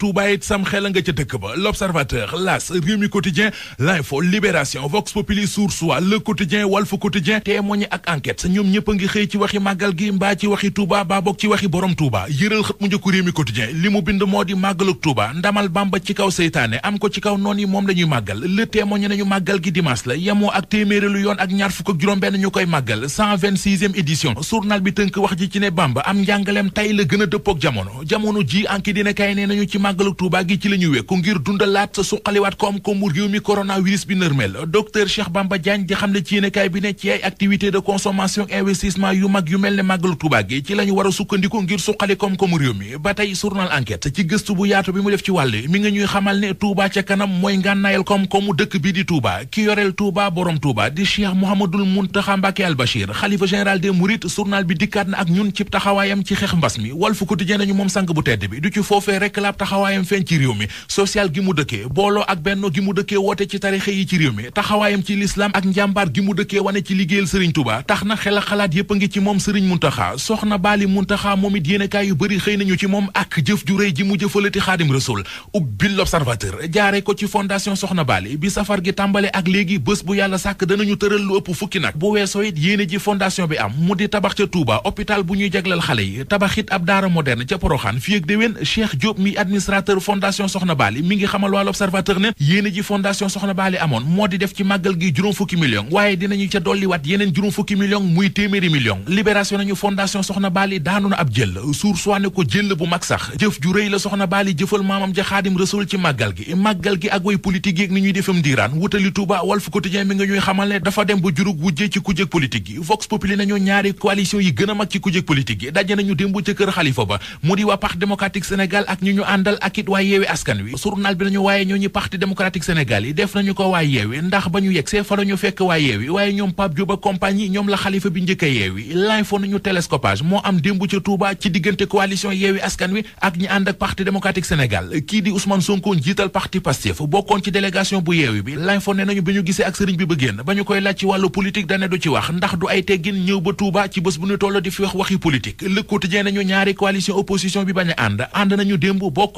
Touba sam xel nga ca dëkk ba l'observateur las Rewmi quotidien l'info libération vox populi source wa le quotidien walf quotidien témoigne ak enquête ñoom ñëpp a ngi xëy ci waxi màggal gi mbaa ci waxi Touba baa boog ci waxi borom Touba yëral xët mu njëkku Rewmi quotidien li mu bind moo di màggaluk Touba ndamal Bamba ci kaw seytaane am ko ci kaw noon yi moom la ñuy màggal le témoigne nañu màggal gi dimanche la yemoo ak téeméeri lu yoon ak ñaar fukk ak juróom-benn ñu koy màggal 126e édition journal bi tënk wax ji ci la gën a dëppook màggalu Tuuba gi ci la ñu wekku ngir dundalaat sa suqaliwaat koom-koomu réew mi coronavirus bi nërmel docteur Cheikh Bamba Diagne di xam ne ci yéenekaay bi ne ci ay activité de consommation investissement yu mag yu mel ne màggalu Tuuba gi ci la ñu a sukkandiku ngir suqali koom-koomu réew mi ba tey journal enquête ci gëstu bu yaatu bi mu def ci wàll mi nga ñuy xamal ne Tuuba ca kanam mooy ngànnaayal koom-koomu dëkk bi di Tuuba ki yoreel Tuuba borom Tuuba di Cheikh Mouhamadoul Mountakha Mbacké Al Bachir xalifa général des Mourides journal bi dikkaat na ak ñun ci taxawaayam ci xeex mbas mi Walf Quotidien nañu moom sang bu tedd bi du ci taxawaayam feeñ ci réew mi social gi mu dëkkee booloo ak benno gi mu dëkkee woote ci tarixa yi ci réew mi taxawaayam ci lislaam ak njàmbaar gi mu dëkkee wane ci liggéeyal tax na xel xalaat yépp a ngi ci moom sëriñ Muntaxa soxna Baali Muntaxa moom it yéenekaay yu bari xëy nañu ci moom ak jëf ju rëy ji mu jëfalati Xaadim Rasuul ubbi l'Observateur jaare ko ci fondation soxna Baali bi safar gi tàmbale ak léegi bés bu yàlla sàkk danañu tëral lu ëpp fukki nag bu weesoo yéene ji fondation bi am mu di tabax ca Tuuba hôpital bu ñuy jaglal xale yi tabax it ab daara moderne ca Poroxaan fi ak déwén Cheikh Diop mi administrateur administrateur fondation Soxna Baali mi ngi xamal waa l'observateur ne yéene ji fondation Soxna Baali amoon moo di def ci màggal gi juróom fukki million waaye dinañu ca dolliwaat yeneen juróom fukki million muy téeméeri million libération nañu fondation Soxna Baali daanu na ab jël suur soine ko jël bu mag sax jëf ju rëy la Soxna Baali jëfal maamam ja Xaadim Rasuul ci màggal gi màggal gi ak way politique yeeg ni ñuy defam diiraan wutali Touba Walf Quotidien mi nga ñuy a àndal ak it waa yeewi askan wi journal bi nañu waaye ñoo ñu parti démocratique sénégal yi def nañu ko waa yeewi ndax ba ñu yegsee fa lañu fekk waa yeewi waaye ñoom Pape Diop ak ñoom la xalifa bi njëkk a yeewi l'info nañu télescopage moo am démb ca Touba ci diggante coalition yeewi askan wi ak ñi ànd ak parti démocratique sénégal kii di Ousmane Sonko jiital parti Pastef bokkoon ci délégation bu yeewi bi l'info ne nañu bi ñu gisee ak sëriñ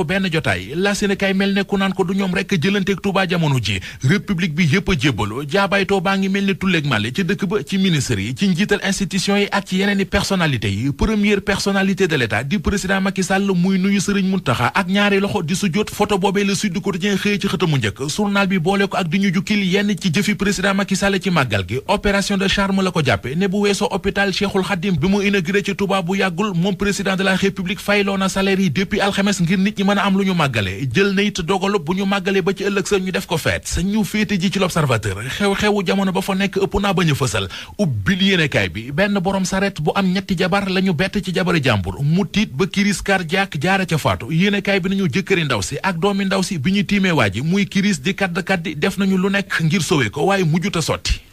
ko benn jotaay la seen mel ne naan ko du ñoom rek jëlanteeg Touba jamono ji république bi yëpp a jébbaloo jaabaytoo baa ngi mel ni tulleeg male ci dëkk ba ci ministre yi ci njiital institution yi ak ci yeneen i personnalité yi première personnalité de l'état di président Macky Sall muy nuyu Serigne Mountakha ak ñaari loxo di su jot photo boobee la Sud Quotidien xëy ci xëtamu njëkk journal bi boole ko ak di ñu jukkil yenn ci jëfi président Macky mën a am lu ñu màggale jël na it dogalu bu ñu màggale ba ci ëllëg sa ñu def ko feet sa ñu féete ji ci l'observateur xew-xewu jamono ba fa nekk ëpp naa bañ a fësal ubbil yéenekaay bi benn borom saret bu am ñetti jabar la ñu bett ci jabari jàmbur mu tiit ba kiris crise cardiaque jaare ca faatu yéenekaay bi nañu jëkkëri ndaw si ak doomi ndaw si bi ñu tiimee waa ji muy crise di kadd kaddi def nañu lu nekk ngir sowe ko waaye mujjuta sotti